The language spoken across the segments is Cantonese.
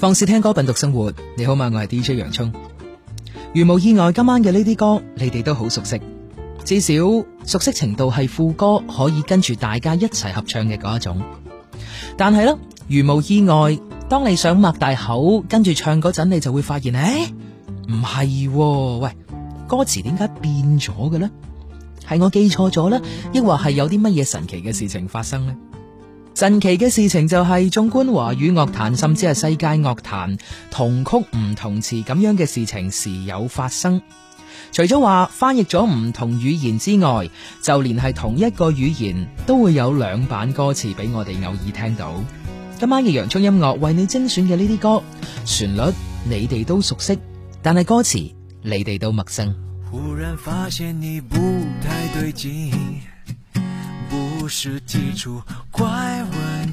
放肆聽歌，品讀生活，你好嗎？我係 DJ 洋蔥。如無意外，今晚嘅呢啲歌，你哋都好熟悉，至少熟悉程度係副歌可以跟住大家一齊合唱嘅嗰一種。但係咧，如無意外，當你想擘大口跟住唱嗰陣，你就會發現，誒、哎，唔係、啊，喂，歌詞點解變咗嘅呢？係我記錯咗咧，抑或係有啲乜嘢神奇嘅事情發生呢？神奇嘅事情就係，縱觀華語樂壇，甚至係世界樂壇，同曲唔同詞咁樣嘅事情時有發生。除咗話翻譯咗唔同語言之外，就連係同一個語言，都會有兩版歌詞俾我哋偶爾聽到。今晚嘅洋蔥音樂為你精選嘅呢啲歌，旋律你哋都熟悉，但係歌詞你哋都陌生。忽然發現你不太對勁，不是提出怪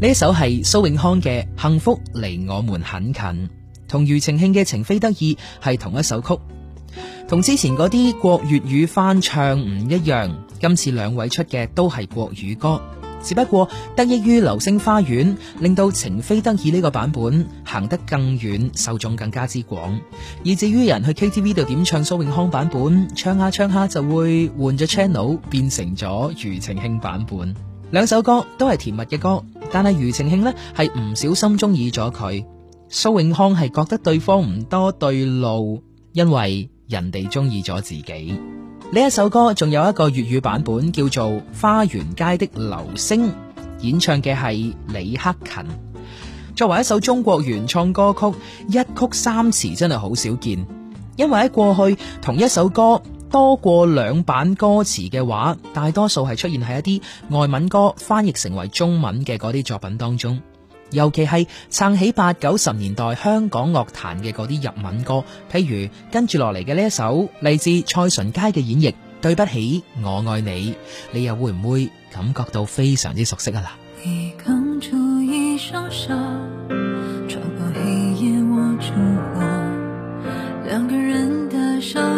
呢一首係蘇永康嘅《幸福離我們很近》，同庾澄慶嘅《情非得已》係同一首曲，同之前嗰啲國粵語翻唱唔一樣。今次兩位出嘅都係國語歌，只不過得益於流星花園，令到《情非得已》呢個版本行得更遠，受眾更加之廣。以至於人去 KTV 度點唱蘇永康版本，唱下唱下就會換咗 channel，變成咗庾澄慶版本。兩首歌都係甜蜜嘅歌。但係庾澄慶呢係唔小心中意咗佢，蘇永康係覺得對方唔多對路，因為人哋中意咗自己。呢一首歌仲有一個粵語版本叫做《花園街的流星》，演唱嘅係李克勤。作為一首中國原創歌曲，一曲三詞真係好少見，因為喺過去同一首歌。多過兩版歌詞嘅話，大多數係出現喺一啲外文歌翻譯成為中文嘅嗰啲作品當中，尤其係撐起八九十年代香港樂壇嘅嗰啲日文歌，譬如跟住落嚟嘅呢一首嚟自蔡淳佳嘅演繹《對不起，我愛你》，你又會唔會感覺到非常之熟悉啊啦？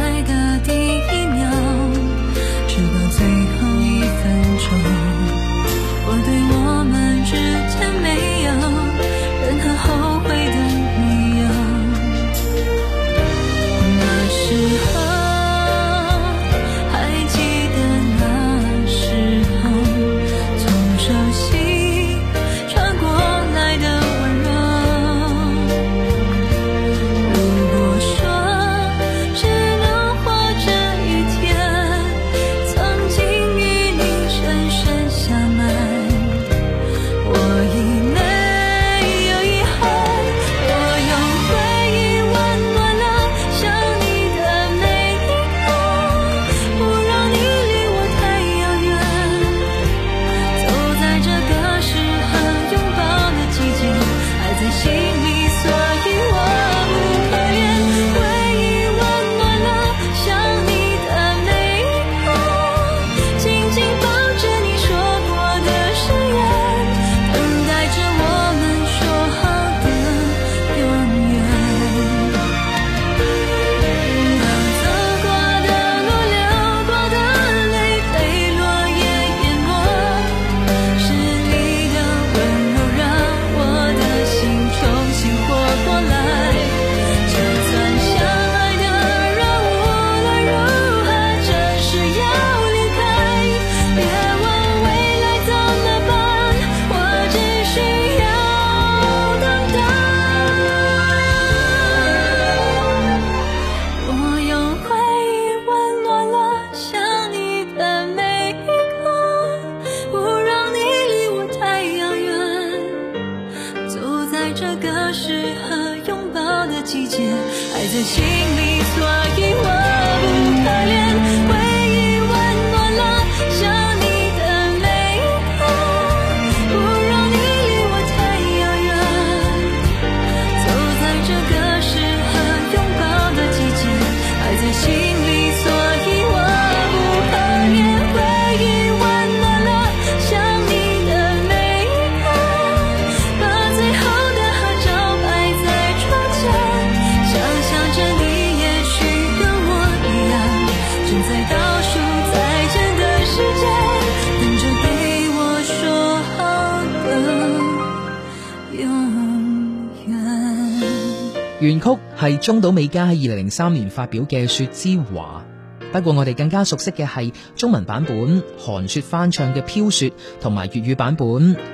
原曲係中島美嘉喺二零零三年發表嘅《雪之華》，不過我哋更加熟悉嘅係中文版本韓雪翻唱嘅《飄雪》，同埋粵語版本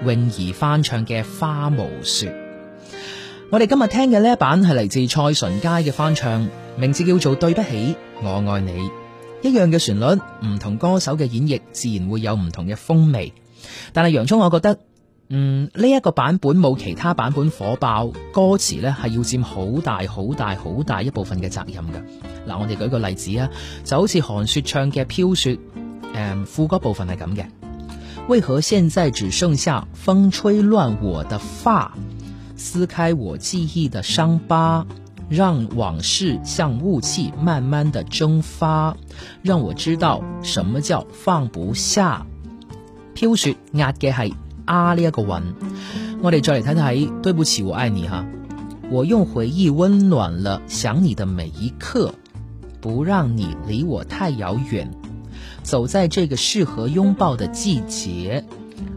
泳兒翻唱嘅《花無雪》。我哋今日聽嘅呢一版係嚟自蔡淳佳嘅翻唱，名字叫做《對不起，我愛你》。一樣嘅旋律，唔同歌手嘅演繹，自然會有唔同嘅風味。但係洋蔥，我覺得。嗯，呢、這、一個版本冇其他版本火爆，歌詞呢係要佔好大好大好大一部分嘅責任㗎。嗱，我哋舉個例子啊，就好似韓雪唱嘅《飄雪》，嗯，副歌部分係咁嘅：為何現在只剩下風吹亂我的髮，撕開我記憶的傷疤，讓往事像霧氣慢慢的蒸發，讓我知道什麼叫放不下。飄雪壓嘅係。啊，呢一個韻，我哋再嚟睇睇。對不起，我愛你哈。我用回憶溫暖了想你的每一刻，不讓你離我太遙遠。走在這個適合擁抱的季節，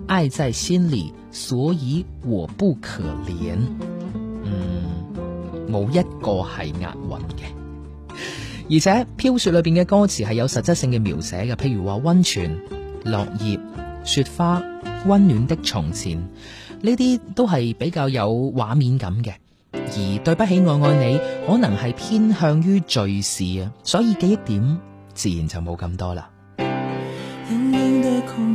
愛在心裏，所以我不可憐。嗯，冇一個係押韻嘅，而且飄雪裏邊嘅歌詞係有實質性嘅描寫嘅，譬如話溫泉、落葉、雪花。溫暖的從前，呢啲都係比較有畫面感嘅，而對不起，我愛你可能係偏向於敘事啊，所以記憶點自然就冇咁多啦。冷冷的空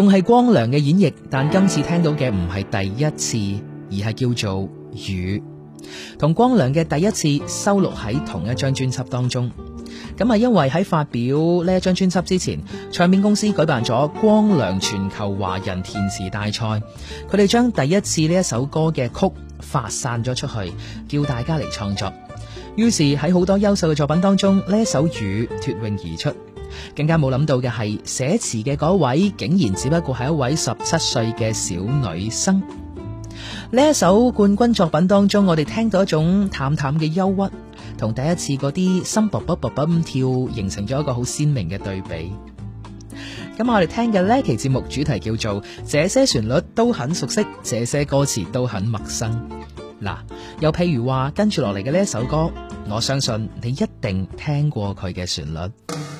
仲係光良嘅演繹，但今次聽到嘅唔係第一次，而係叫做《雨》，同光良嘅第一次收錄喺同一張專輯當中。咁啊，因為喺發表呢一張專輯之前，唱片公司舉辦咗光良全球華人填詞大賽，佢哋將第一次呢一首歌嘅曲發散咗出去，叫大家嚟創作。於是喺好多優秀嘅作品當中，呢一首《雨》脫穎而出。更加冇諗到嘅係寫詞嘅嗰位，竟然只不過係一位十七歲嘅小女生。呢一首冠軍作品當中，我哋聽到一種淡淡嘅憂鬱，同第一次嗰啲心卜卜卜咁跳，形成咗一個好鮮明嘅對比。咁我哋聽嘅呢期節目主題叫做《這些旋律都很熟悉，這些歌詞都很陌生》。嗱、啊，又譬如話跟住落嚟嘅呢一首歌，我相信你一定聽過佢嘅旋律。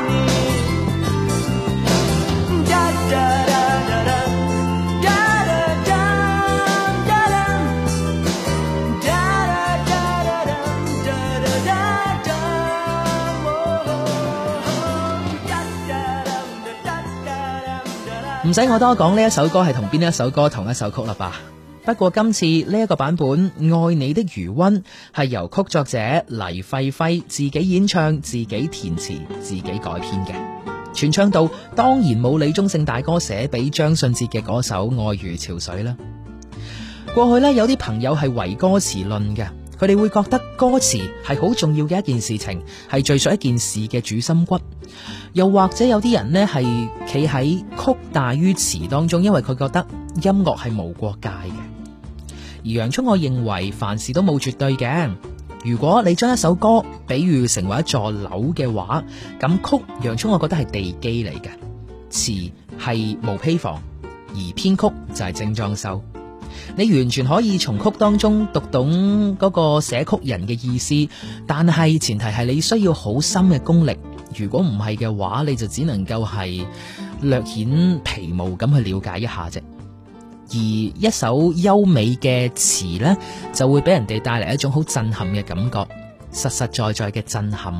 唔使我多講呢一首歌係同邊一首歌同一首曲啦吧。不過今次呢一個版本《愛你的餘溫》係由曲作者黎沸輝自己演唱、自己填詞、自己改編嘅。傳唱度當然冇李宗盛大哥寫俾張信哲嘅嗰首《愛如潮水》啦。過去呢，有啲朋友係唯歌詞論嘅。佢哋會覺得歌詞係好重要嘅一件事情，係敘述一件事嘅主心骨。又或者有啲人呢係企喺曲大於詞當中，因為佢覺得音樂係無國界嘅。而洋葱，我認為凡事都冇絕對嘅。如果你將一首歌比喻成為一座樓嘅話，咁曲，洋葱，我覺得係地基嚟嘅，詞係毛坯房，而編曲就係精裝修。你完全可以從曲當中讀懂嗰個寫曲人嘅意思，但係前提係你需要好深嘅功力。如果唔係嘅話，你就只能夠係略顯皮毛咁去了解一下啫。而一首優美嘅詞呢，就會俾人哋帶嚟一種好震撼嘅感覺，實實在在嘅震撼。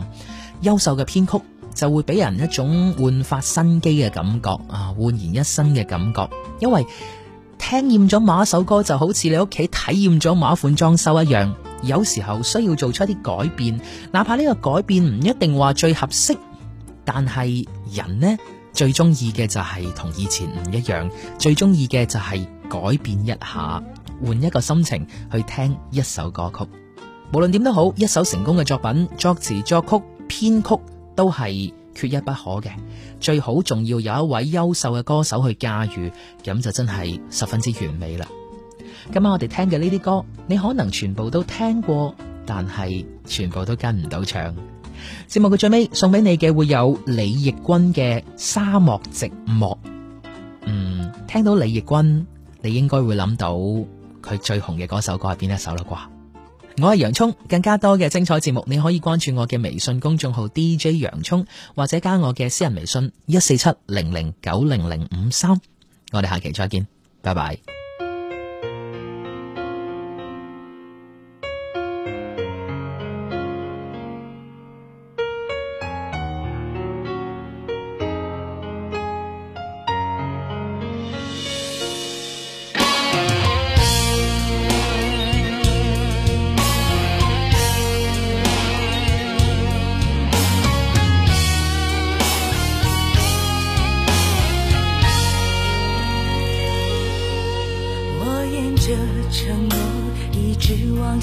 優秀嘅編曲就會俾人一種煥發生機嘅感覺啊，煥然一新嘅感覺，因為，聽厭咗某一首歌，就好似你屋企睇厭咗某一款裝修一樣，有時候需要做出一啲改變，哪怕呢個改變唔一定話最合適，但係人呢，最中意嘅就係同以前唔一樣，最中意嘅就係改變一下，換一個心情去聽一首歌曲，無論點都好，一首成功嘅作品，作詞作曲編曲都係。缺一不可嘅，最好仲要有一位優秀嘅歌手去駕馭，咁就真係十分之完美啦。今晚我哋聽嘅呢啲歌，你可能全部都聽過，但係全部都跟唔到唱。節目嘅最尾送俾你嘅會有李易君嘅《沙漠寂寞》。嗯，聽到李易君，你應該會諗到佢最紅嘅嗰首歌係邊一首啦啩？我係洋蔥，更加多嘅精彩節目你可以關注我嘅微信公眾號 DJ 洋蔥，或者加我嘅私人微信一四七零零九零零五三，我哋下期再見，拜拜。